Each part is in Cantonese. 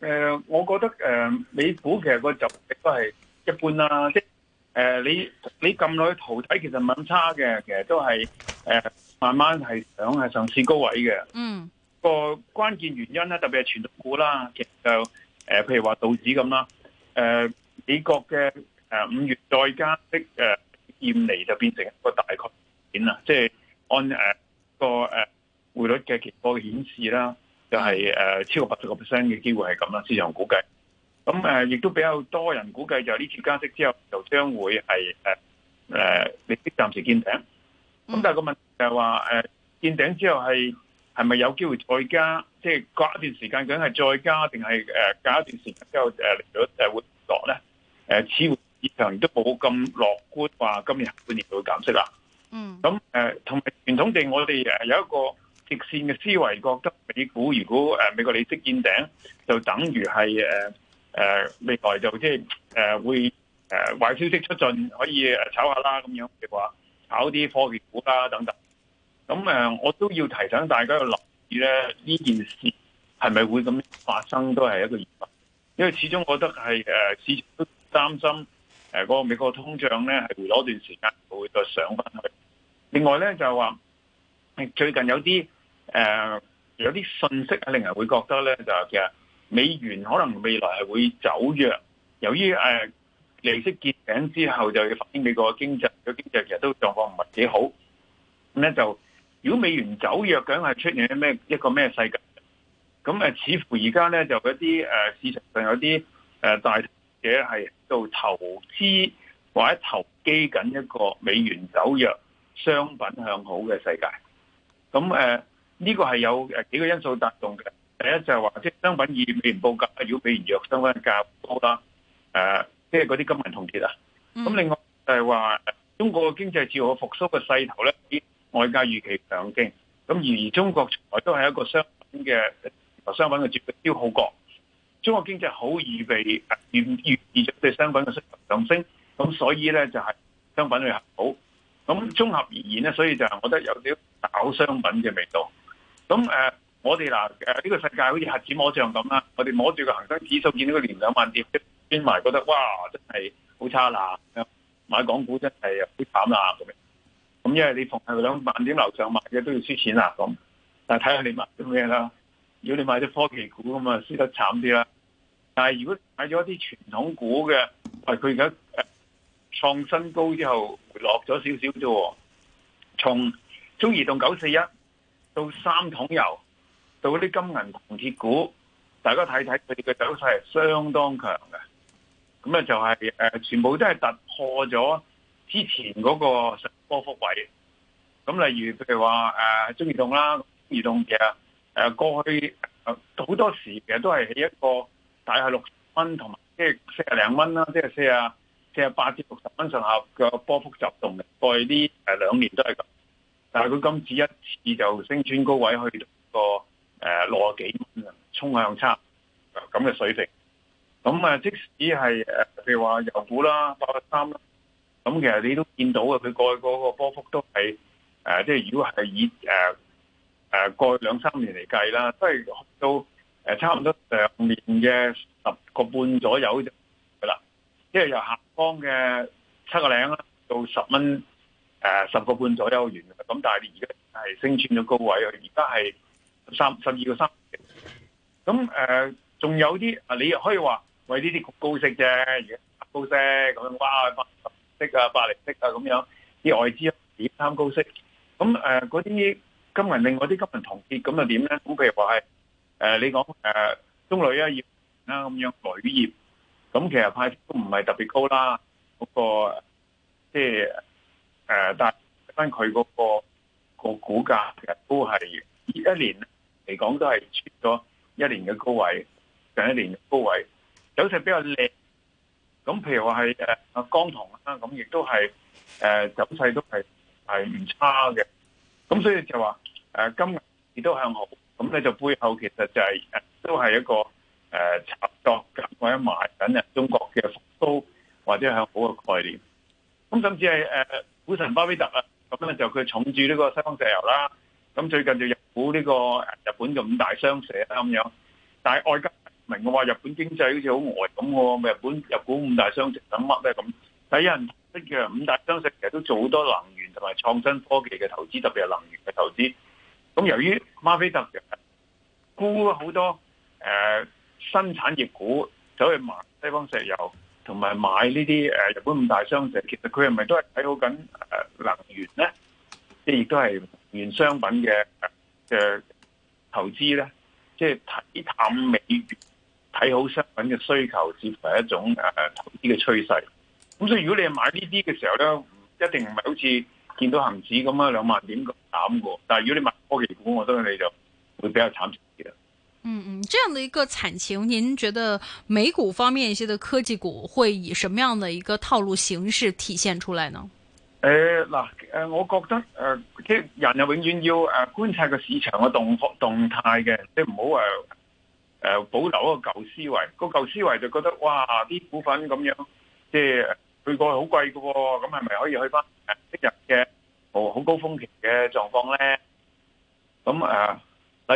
誒、呃，我覺得誒、呃，美股其實個走勢都係一般啦，即係誒、呃，你你咁耐圖睇其實唔係咁差嘅，其實都係誒、呃，慢慢係想係上試高位嘅。嗯，個關鍵原因咧，特別係傳統股啦，其實就誒、呃，譬如話道指咁啦，誒、呃，美國嘅誒五月再加息誒，驗、呃、離就變成一個大抗點啦，即係按誒、呃、個誒、呃、匯率嘅期貨顯示啦。就係誒超過八十個 percent 嘅機會係咁啦，市場估計。咁誒亦都比較多人估計，就呢次加息之後就將會係誒誒，利息暫時見頂。咁、mm. 但係個問題就係話誒，見頂之後係係咪有機會再加？即係隔一段時間梗係再加，定係誒隔一段時間之後誒利率誒會落咧？誒市場亦都冇咁樂觀，話今年下半年就會減息啦。嗯、mm.。咁誒同埋傳統地，我哋誒有一個。直線嘅思維覺得美股如果誒美國利息見頂，就等於係誒誒未來就即係誒會誒壞消息出盡，可以誒炒下啦，咁樣嘅話，炒啲科技股啦等等。咁誒，我都要提醒大家要留意咧，呢件事係咪會咁樣發生都係一個疑問，因為始終覺得係誒市場都擔心誒嗰個美國通脹咧係會攞段時間會再上翻去。另外咧就話最近有啲。誒、呃，有啲信息啊，令人會覺得咧，就是、其實美元可能未來係會走弱，由於誒、呃、利息見頂之後，就要發現美國嘅經濟，個經濟其實都狀況唔係幾好。咁咧就，如果美元走弱，梗係出現咩一個咩世界？咁誒、呃，似乎而家咧就嗰啲誒市場上有啲誒、呃、大者係做投資或者投機緊一個美元走弱、商品向好嘅世界。咁誒。呃呢個係有誒幾個因素帶動嘅。第一就係話，即係商品以美元報價，如果美元弱，商品價高啦，即係嗰啲金銀銅鐵啊。咁、嗯、另外就係話，中國嘅經濟自我復甦嘅勢頭咧，比外界預期強勁。咁而中國從來都係一個商品嘅，同商品嘅主要消耗國。中國經濟好易被預預預咗對商品嘅上升，咁所以咧就係商品嘅好。咁綜合而言咧，所以就係我覺得有啲搞商品嘅味道。咁誒，我哋嗱誒呢個世界好似核子摸象咁啦，我哋摸住個恆生指數見到個年兩萬點跌埋，覺得哇真係好差啦！買港股真係好慘啦咁。咁因為你逢喺兩萬點樓上買嘅都要輸錢啦咁，但係睇下你買咗咩啦。如果你買啲科技股咁啊，輸得慘啲啦。但係如果你買咗一啲傳統股嘅，佢而家創新高之後回落咗少少啫。從中移動九四一。到三桶油，到啲金銀銅鐵股，大家睇睇佢哋嘅走勢係相當強嘅。咁咧就係誒，全部都係突破咗之前嗰個波幅位。咁例如譬如話誒、啊，中移動啦，中移動其實誒、啊、過去好、啊、多時其實都係喺一個大概六十蚊同埋即係四廿零蚊啦，即係四廿四廿八至六十蚊上下嘅波幅走動嘅。過去呢誒兩年都係咁。但係佢今次一次就升穿高位去到一個誒六十幾蚊啊，衝向差，咁嘅水平。咁啊，即使係誒，譬如話油股啦、八百三啦，咁其實你都見到佢過去嗰個波幅都係誒、呃，即係如果係以誒誒、呃、過去兩三年嚟計啦，都係到誒差唔多上年嘅十個半左右嘅啦，即、就、係、是、由下方嘅七個零啦到十蚊。誒、啊，十個半左右元，咁，但係而家係升穿咗高位啊！而家係三十二個三咁誒，仲、呃、有啲啊，你可以話為呢啲高息啫，而家高息咁哇，八厘息啊，八厘息啊，咁樣啲外資點貪高息？咁誒，嗰、呃、啲金銀另外啲金銀銅鐵咁又點咧？咁譬如話係誒，你講誒、呃，中鋁啊、葉啦咁樣鋁業，咁其實派息都唔係特別高啦，嗰、那個即係。就是誒，但係翻佢嗰個個股價都係一年嚟講都係穿咗一年嘅高位，上一年嘅高位，走勢比較靚。咁譬如話係誒阿江銅啦，咁亦都係誒走勢都係係唔差嘅。咁所以就話誒今日亦都向好，咁咧就背後其實就係、誒、都係一個誒炒作或者買緊誒中國嘅復蘇或者向好嘅概念。咁甚至係誒。股神巴菲特啊，咁咧就佢重注呢個西方石油啦，咁最近就入股呢個日本嘅五大商社啦咁樣。但係外界唔明嘅話，日本經濟好似好呆咁喎，咪日本入股五大商社等乜咧咁？第一人識嘅五大商社其實都做好多能源同埋創新科技嘅投資，特別係能源嘅投資。咁由於巴菲特沽好多誒新、呃、產業股，走去買西方石油。同埋買呢啲誒日本五大商社，其實佢係咪都係睇好緊誒能源咧？即係亦都係原商品嘅嘅投資咧，即係睇淡美元，睇好商品嘅需求，似乎係一種誒投資嘅趨勢。咁所以如果你係買呢啲嘅時候咧，一定唔係好似見到恒指咁樣兩萬點咁減。但係如果你買科技股，我相信你就會比較慘重啲嘅。嗯嗯，這樣的一個慘情，您覺得美股方面一些的科技股會以什麼樣的一個套路形式體現出來呢？誒嗱、呃，誒、呃，我覺得誒，即、呃、係人又永遠要誒觀察個市場嘅動動態嘅，即係唔好誒，誒、呃、保留一個舊思維，個舊思維就覺得哇啲股份咁樣，即、呃、係去過去好貴嘅，咁係咪可以去翻誒即日嘅好好高峰期嘅狀況咧？咁、嗯、誒。呃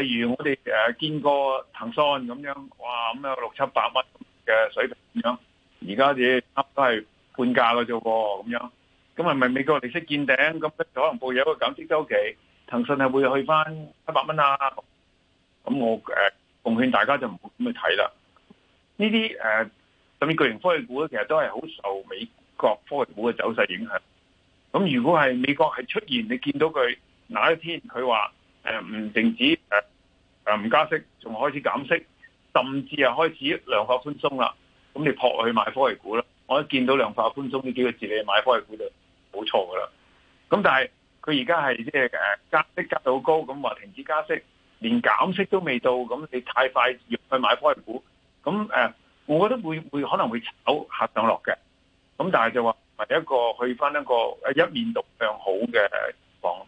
例如我哋誒見過騰訊咁樣，哇咁有六七百蚊嘅水平咁樣，而家只差唔多係半價嘅啫喎，咁樣，咁係咪美國利息見頂？咁可能會有一個減息周期，騰訊係會去返七百蚊啊？咁我誒奉、呃、勸大家就唔好咁去睇啦。呢啲誒甚至巨型科技股咧，其實都係好受美國科技股嘅走勢影響。咁如果係美國係出現你見到佢哪一天佢話，誒，唔停止，誒誒，唔加息，仲開始減息，甚至啊開始量化寬鬆啦。咁你撲去買科技股啦，我一見到量化寬鬆呢幾個字，你買科技股就冇錯噶啦。咁但係佢而家係即係誒加息加到好高，咁話停止加息，連減息都未到，咁你太快去買科技股，咁誒，我覺得會會可能會炒下上落嘅。咁但係就話，一個去翻一個誒一面獨向好嘅情況，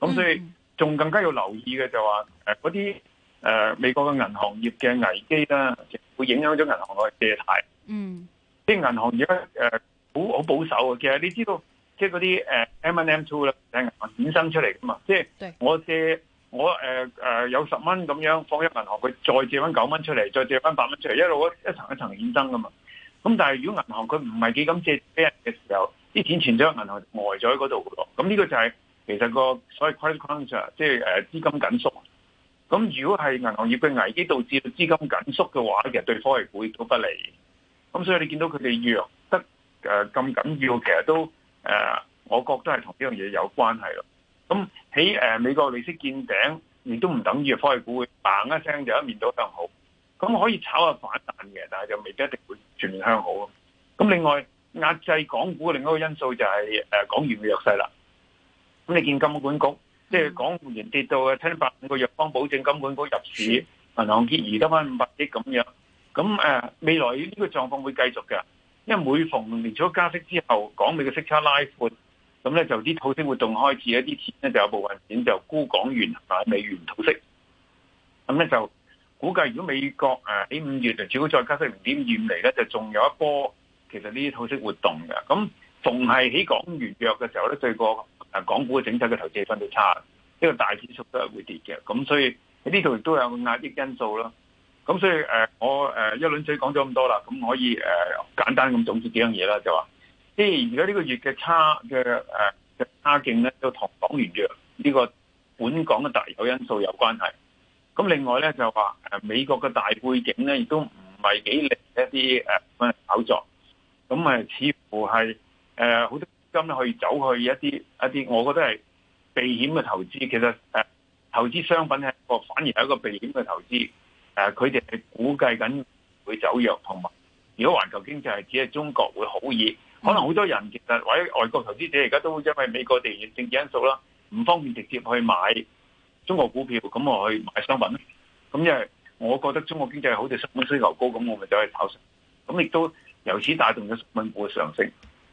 咁所以、嗯。仲更加要留意嘅就話，嗰啲誒美國嘅銀行業嘅危機啦，會影響咗銀行嘅借貸。嗯，啲銀行而家好好保守嘅，其實你知道，即係嗰啲 M and M two 啦，係銀行衍生出嚟㗎嘛。即係我借我誒、呃、有十蚊咁樣放喺銀行，佢再借翻九蚊出嚟，再借翻八蚊出嚟，一路一層一層衍生㗎嘛。咁但係如果銀行佢唔係幾敢借俾人嘅時候，啲錢存咗喺銀行呆咗喺嗰度。咁呢個就係、是。其實個所謂 credit crunch 即、er, 係資金緊縮，咁如果係銀行業嘅危機導致到資金緊縮嘅話，其實對科技股亦都不利。咁所以你見到佢哋弱得咁緊要，其實都誒，我覺得係同呢樣嘢有關係咯。咁喺美國利息見頂，亦都唔等於科技股會 bang 一聲就一面倒向好。咁可以炒下反彈嘅，但係就未必一定會全面向好。咁另外壓制港股嘅另一個因素就係誒港元嘅弱勢啦。咁你見金管局即係港元跌到啊，七點八五個弱方保證，金管局入市，銀行結餘得返五百億咁樣。咁、啊、未來呢個狀況會繼續㗎，因為每逢年初加息之後，港美嘅息差拉寬，咁咧就啲套息活動開始，一啲錢咧就有部分錢就沽港元同埋美元套息。咁咧就估計如果美國誒喺五月就只要再加息零點二五釐咧，就仲有一波其實呢啲套息活動嘅。咁逢係喺港元弱嘅時候咧，對過啊，港股嘅整體嘅投資氣氛都差，呢個大指數都係會跌嘅，咁所以呢度亦都有壓抑因素咯。咁所以誒，我誒一輪水講咗咁多啦，咁可以誒簡單咁總結幾樣嘢啦，就話即係而家呢個月嘅差嘅誒差勁咧，都同港元弱呢約呢個本港嘅特有因素有關係。咁另外咧就話誒美國嘅大背景咧，亦都唔係幾令一啲誒咁樣炒作，咁誒似乎係誒好多。咁去走去一啲一啲，我覺得係避險嘅投資。其實誒、啊，投資商品係一個反而係一個避險嘅投資。誒、啊，佢哋係估計緊會走弱，同埋如果環球經濟係只係中國會好熱，可能好多人其實或者外國投資者而家都會因為美國的地政治因素啦，唔方便直接去買中國股票，咁我去買商品，咁因為我覺得中國經濟好，似商品需求高，咁我咪走去炒。成咁亦都由此帶動咗商品股嘅上升。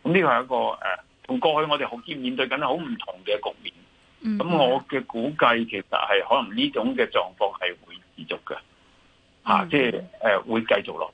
咁呢個係一個誒。啊同過去我哋好似面對緊好唔同嘅局面，咁我嘅估計其實係可能呢種嘅狀況係會持續嘅，嚇、啊，即係誒會繼續落。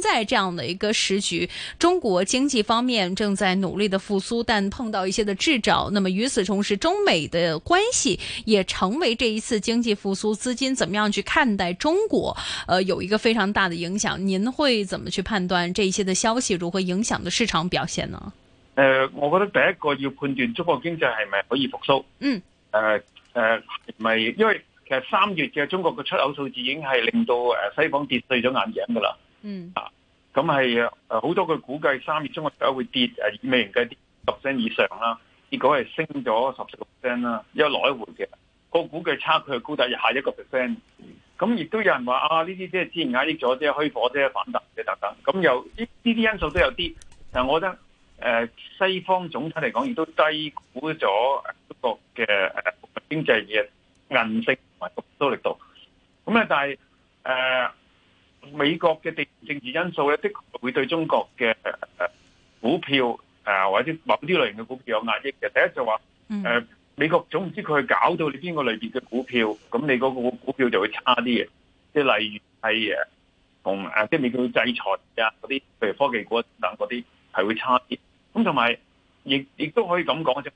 在這樣的一個時局，中國經濟方面正在努力的復蘇，但碰到一些的掣肘。那麼與此同時，中美的關係也成為這一次經濟復蘇資金怎麼樣去看待中國，呃，有一個非常大的影響。您會怎麼去判斷這些的消息如何影響的市場表現呢？呃，我覺得第一個要判斷中國經濟係咪可以復蘇。嗯呃。呃，呃係咪因為其實三月嘅中國嘅出口數字已經係令到誒西方跌碎咗眼鏡噶啦。嗯啊，咁係好多佢估計，三月中嘅時候會跌，誒美元跌十 percent 以上啦。結果係升咗十四個 percent 啦，一來一回嘅。個估計差距係高達下一個 percent。咁亦都有人話啊，呢啲即係自然壓抑咗即係，虛火啫，反彈嘅特登。咁又呢啲因素都有啲。嗱，我覺得誒、呃、西方總體嚟講，亦都低估咗中國嘅誒經濟嘅韌性同埋復甦力度。咁咧，但係誒。美國嘅地政治因素咧，的確會對中國嘅誒股票，啊，或者某啲類型嘅股票有壓抑嘅。第一就話誒，美國總唔知佢去搞到你邊個類別嘅股票，咁你嗰個股票就會差啲嘅。即係例如係誒同誒，即係美國制裁啊嗰啲，譬如科技股等嗰啲係會差啲。咁同埋亦亦都可以咁講嘅啫，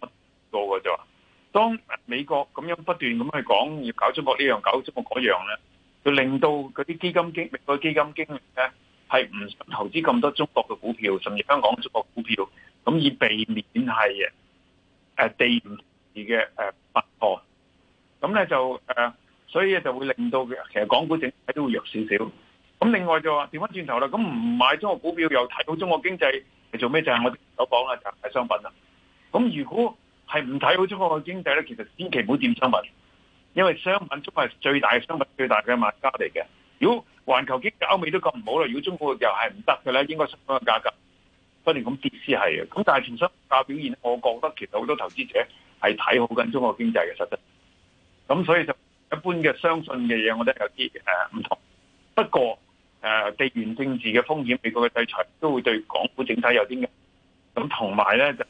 我講嘅就當美國咁樣不斷咁去講，要搞中國呢樣，搞中國嗰樣咧。要令到嗰啲基金經嗰啲基金經理咧係唔想投資咁多中國嘅股票，甚至香港中國股票，咁以避免係嘅誒地市嘅誒突破。咁咧就誒，所以就會令到其實港股整體都會弱少少。咁另外就話調翻轉頭啦，咁唔買中國股票又睇好中國經濟係做咩？就係我頭先講啦，就係商品啦。咁如果係唔睇好中國嘅經濟咧，其實千祈唔好掂商品。因為商品中係最大嘅商品，最大嘅賣家嚟嘅。如果環球經濟歐美都咁唔好啦，如果中國又係唔得嘅咧，應該商品嘅價格不斷咁跌先係嘅。咁但係從商價表現，我覺得其實好多投資者係睇好緊中國的經濟嘅實質。咁所以就一般嘅相信嘅嘢，我覺得有啲誒唔同。不過誒地緣政治嘅風險，美國嘅制裁都會對港股整體有啲嘅。咁同埋咧就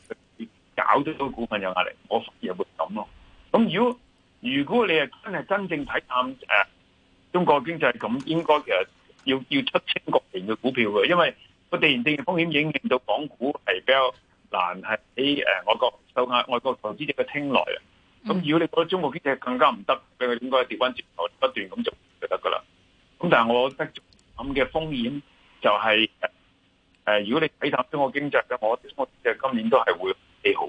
搞到個股份有壓力，我亦會咁咯。咁如果如果你係真係真正睇淡中國經濟咁，咁應該其實要要出清國人嘅股票嘅，因為個地緣政治風險已經令到港股係比較難係喺外國受亞外國投資者嘅青睞嘅。咁如果你覺得中國經濟更加唔得，咁佢應該跌返轉頭不斷咁做就得㗎啦。咁但係我覺得咁嘅風險就係、呃呃、如果你睇淡中國經濟嘅，我覺得中國經濟今年都係會幾好。